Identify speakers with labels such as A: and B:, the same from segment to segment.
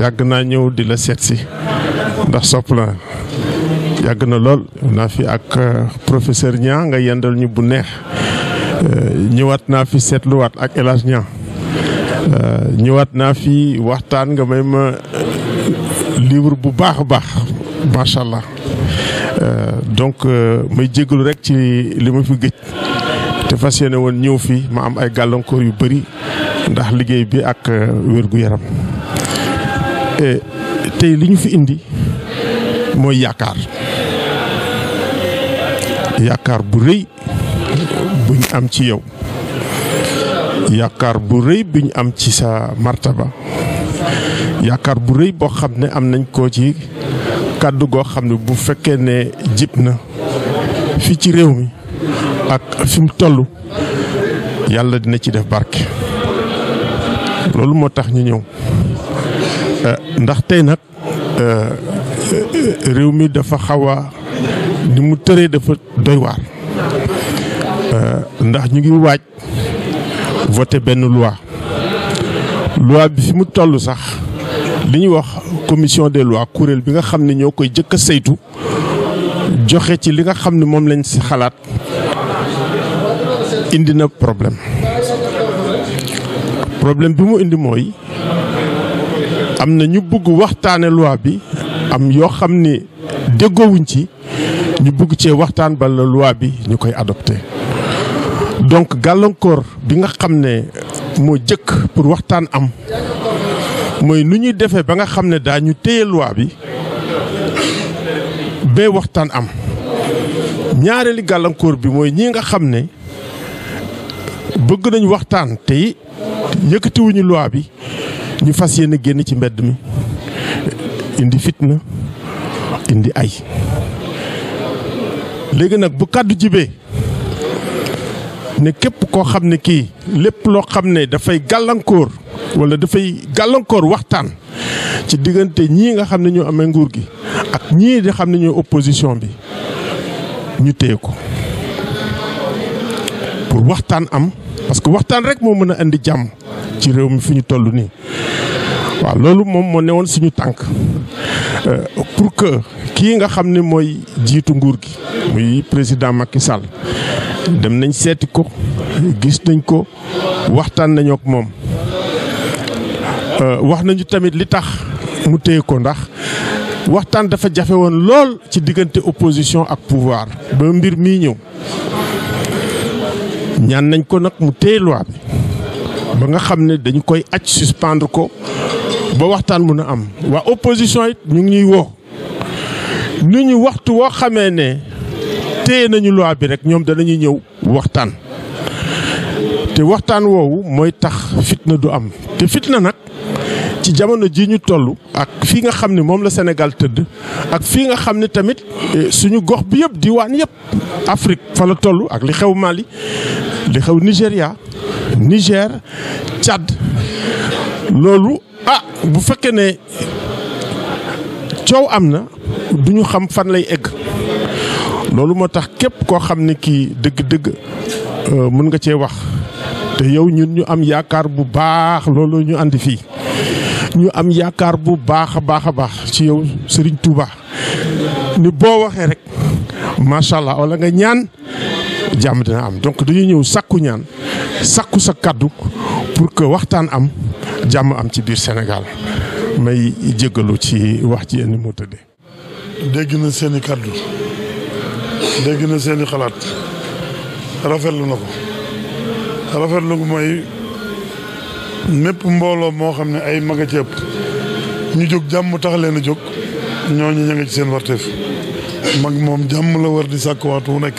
A: yàgg naa ñëw di la seet si ndax sopp la na lool naa fi ak euh, professeur nya nga yendal ñu bu neex euh, ñëwaat fi seetluwaat ak El Hadj Niang euh, ñëwaat fi waxtaan nga may ma livre bu baax a baax macha donc may jégalu rek ci li fi te fas yéene woon ñëw fii ma am ay gàllankoor yu bari ndax liggéey bi ak euh, wér-gu-yaram tey li ñu fi indi mooy yaakaar yaakaar bu rëy buñ am ci yow yaakaar bu rëy buñ am ci sa martaba yaakaar bu rëy boo xam ne am nañ ko ci kàddu goo xam ne bu fekkee ne jib na fii ci réew mi ak fi mu tollu yàlla dina ci def barke loolu moo tax ñu ñëw euh, ndax tey nag euh, euh, réew mi dafa xaw a ni mu tëree dafa doy waar ndax ñu ngi waaj voté benn loi loi bi fi mu toll sax li ñuy wax commission des lois kuréel bi nga xam ne ñoo koy jëkk a saytu joxe ci li nga xam ne moom lañ si xalaat indi na problème problème bi mu indi mooy am na ñu bugg waxtaane loi bi am yoo xam ne déggoowuñ ci ñu bugg cee waxtaan ba la loi bi ñu koy adopté donc gàllankoor bi nga xam ne moo jëkk pour waxtaan am mooy nu ñuy defee ba nga xam ne daañu ñu téye loi bi ba waxtaan am ñaareeli gàllankoor bi mooy ñii nga xam ne bëgg nañ waxtaan te yëkkatiwuñu loi bi ñu fas yéene génn ci mbedd mi indi fitna indi ay léegi nag bu kàddu jibee ne képp koo xam ne kii lépp loo xam ne dafay gàllankoor walla dafay gàllankoor waxtaan ci diggante ñii nga xam ne ñoo amee nguur gi ak ñii di xam ne ñooy opposition bi ñu téye ko. pour waxtaan am parce que waxtaan rek moo mën a indi jàmm ci réew mi fi ñu toll nii waaw loolu moom moo ne woon suñu tànk euh, pour que kii nga xam ni mooy jiitu nguur gi muy président Macky Sall dem nañ seeti ko gis nañ ko waxtaan nañoo ak moom euh, wax nañu tamit li tax mu téye ko ndax waxtaan dafa jafe woon lool ci diggante opposition ak pouvoir ba mbir mii ñëw ñaan nañ ko nag mu téye loi bi ba nga xam ne dañ koy aj suspendre ko ba waxtaan mu a am waa opposition it ñu ngi ñuy woo nu ñu waxtu woo xamee ne téye nañu loi bi rek ñoom danañu ñëw waxtaan te waxtaan woowu mooy tax fitna du am te fitna nag ci jamono ji ñu tollu ak fi nga xamni mom la Sénégal teud ak fi nga xamni tamit eh, suñu gox bi yeb diwan yeb Afrique fa la tollu ak li xew Mali li xew nigeria Niger Tchad lolu ah bu fekke ne ciow amna duñu kep xam fan lay egg lolu motax kep ko xamni ki deug deug euh mën nga ci wax te yow ñun ñu am yakar bu baax lolu ñu andi fi ñu am yaakar bu baaxa baaxa baax ci yow Serigne Touba ni bo waxe rek macha allah wala nga ñaan jamm dina am donc dañu ñew sakku ñaan sakku sa kaddu pour que waxtaan am jamm am ci Senegal, senegal may jéggelu ci wax ci yenn mo tëddee.
B: dégg na seeni kaddu dégg na seeni xalaat rafetlu nako rafetlu may mépp mbooloo moo xam ne ay mag a ëpp ñu jóg jàmm tax leen a jóg ñooñu ña ci seen warteef mag moom jàmm la war di sàkk waxtu wu nekk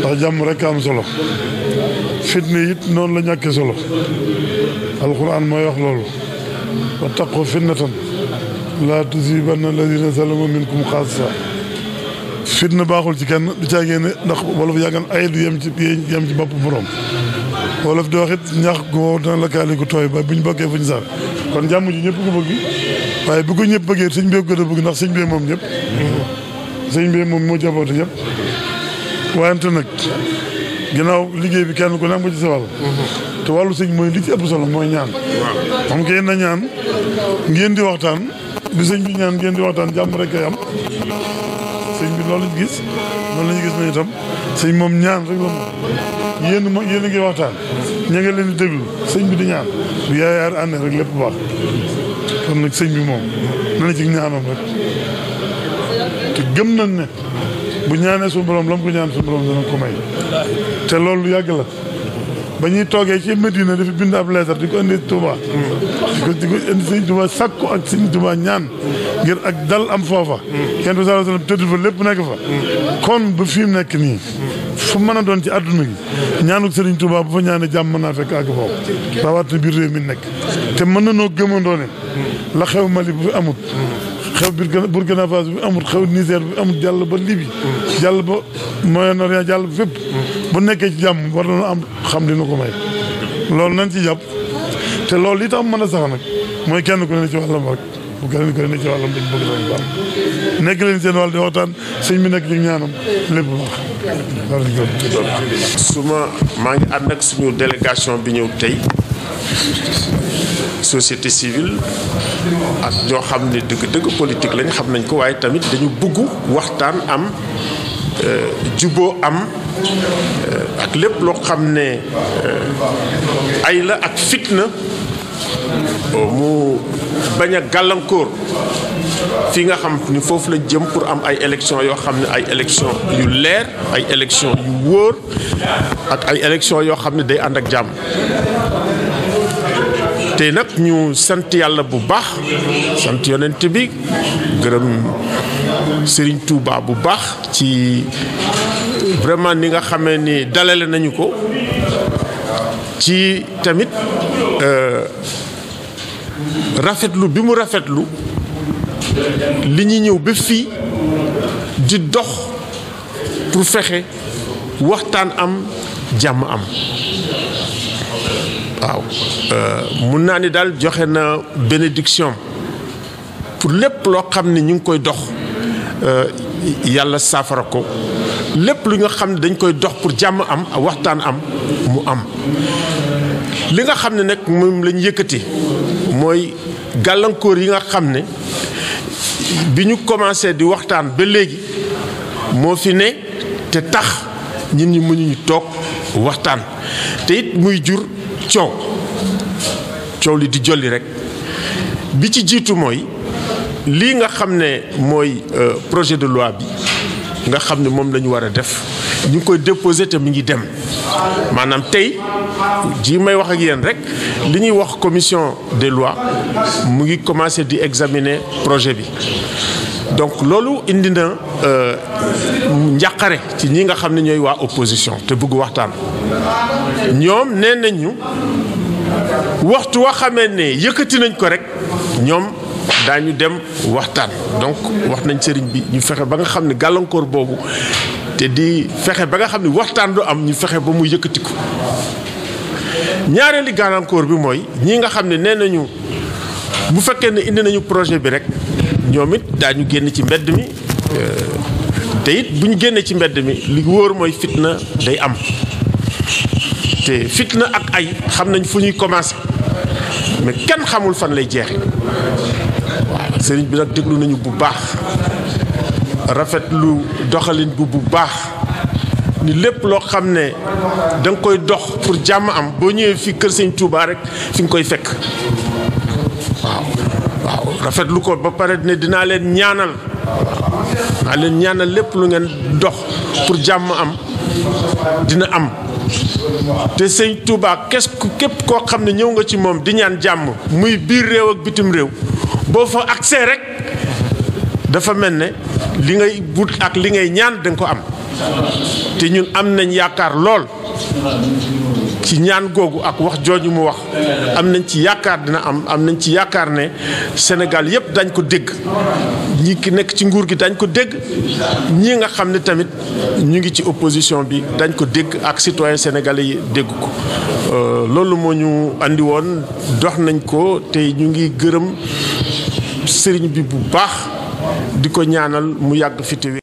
B: ndax jàmm rek am solo fitna it noonu la ñàkkee solo alxuraan mooy wax loolu wattaqu fitnatan laa tusiibanna alladiina zalamu minkum xaassa fitna baaxul ci kenn du caa génne ndax wolof yàggan ay du yem ci yem ci bopp boroom wolof di wax it ñax góor dana la gu tooy ba buñ ñu bokkee fu ñu sax kon jàmm ji ñëpp ko bëgg waaye bu ko ñëpp bëggee sëñ bee ko gën a bëgg ndax sëñ bee moom ñëpp sëñ bee moom moo jaboote ñëpp wayante ginnaaw liggéey bi kenn ku ne am sa wàll te wàllu sëñ mooy li ci ñaan xam nga yéen na ñaan ngeen di waxtaan bi sëñ bi ñaan ngeen di waxtaan jàmm rek kay am sëñ bi loolu lañ gis loolu lañu gis na itam sëñ moom ñaan rek la moom yéen moom yéen a ngi waxtaan ña nga leen di sëñ bi di ñaan bu yaayaar ànd rek lépp baax kon nag sëñ bi moom nana ci ñaanam rek te gëm nañ ne bu ñaanee suñu borom la mu ñaan suñu borom dana ko may te loolu yàgg la ba toogee ci Medina dafa bind ab leetar di ko indi Touba. di ko di ak sëñ Touba ñaan. ngir ak dal am foofa. kenn du saa fa lépp nekk fa. kon ba fi mu nekk ni fu mën a doon ci àdduna gi. ñaanuk sëriñ Touba bu fa ñaanee jàmm mën naa fekk àgg foofu. rawatina biir nekk. te mën na noo gëmandoo ne. la xew Mali bu fi amut. xew Burkina Faso bi amut xew Niger bi amut jàll ba Libye. jàll ba Moyen-Orient jàll ba fépp. bu nekkee ci jàmm war nañu am xam li ko may loolu nañ ci jàpp te loolu li tax mën a sax nag mooy kenn ku ne ci wàllam rek bu kenn ku ne ci wàllam dañ bëgg rek baax nekk leen seen wàll di waxtaan sëñ bi nekk ci
A: su ma maa ngi ànd ak suñu délégation bi ñëw tey société civile ak ñoo xam ne dëgg-dëgg politique lañ xam nañ ko waaye tamit dañu bëgg waxtaan am euh, juboo am Euh, ak lépp loo xam ne euh, ay la ak fitna euh, mu bañ a gàllankoor fii nga xam ni foofu la jëm pour am ay élections yoo xam ne ay élections yu leer ay élections yu wóor ak ay élections yoo xam ne day ànd ak jàmm tey nag ñu sant yàlla bu baax sant yonent bi gërëm Serigne Touba bu baax ci. vraiment ni nga xamee ni dalale nañu ko ci tamit euh, rafetlu bi mu rafetlu li ñuy ñëw ba fii di dox pour fexe waxtaan am jàmm am waaw euh, mun naa ni daal joxe na bénédiction pour lépp loo xam ni ñu ngi koy dox euh, yàlla saafara ko lépp lu nga xam ne dañ koy dox pour jàmm am a waxtaan am mu am li nga xam ne nag moom lañ yëkkati mooy gàllankoor yi nga xam ne bi ñu commencé di waxtaan ba léegi moo fi ne te tax ñun ñi mënuñu toog waxtaan te it muy jur coow coow li di jolli rek bi ci jiitu mooy lii nga xam ne mooy euh, projet de loi bi nga xam mom lañu wara def ñu koy déposer té mi ngi dem manam tay ji may wax ak yeen rek li wax commission des lois mu ngi commencer di examiner projet bi donc lolu indi na euh njàqare ci ñi nga xam ñoy wa opposition té bëgg waxtaan ñoom nee nañ waxtu wa xamee ne yëkkati nañ ko rek ñoom. daañu dem waxtaan donc wax nañ sëriñ bi ñu fexe ba nga xam ni gàllankoor boobu te di fexe ba nga xam ne waxtaan du am ñu fexe ba mu yëkkatiku ñaareelu gàllankoor bi mooy ñii nga xam ne nee nañu bu fekkee ne indi nañu projet bi rek ñoom it daañu génn ci mbedd mi euh, te it bu ñu génnee ci mbedd mi li wóor mooy fitna day am te fitna ak ay xam nañ fu ñuy commencé mais kenn xamul fan lay jeexe sëriñ bi nag déglu nañu bu baax rafet lu doxalin bi bu baax ni lépp loo xam ne danga koy dox pour jàmm am boo ñëwee fii kër sëñ Touba rek fi nga koy fekk waaw waaw rafetlu ko ba pare ne dinaa leen ñaanal dinaa leen lépp lu ngeen dox pour jàmm am dina am te sëñ Touba kes ku képp koo xam ne ñëw nga ci moom di ñaan jàmm muy biir réew ak bitim réew boo fa agsee rek dafa mel ne li ngay wut ak li ngay ñaan danga ko am te ñun am nañ yaakaar lool ci ñaan googu ak wax jooju mu wax am nañ ci yaakaar dina am am nañ ci yaakaar ne Sénégal yëpp dañ ko dégg ñi ki nekk ci nguur gi dañ ko dégg ñi nga xam ne tamit ñu ngi ci opposition bi dañ ko dégg ak citoyen sénégalais yi dégg ko euh, loolu moo ñu andi woon dox nañ ko te ñu ngi gërëm sëriñ bi bu baax di ko ñaanal mu yàgg fi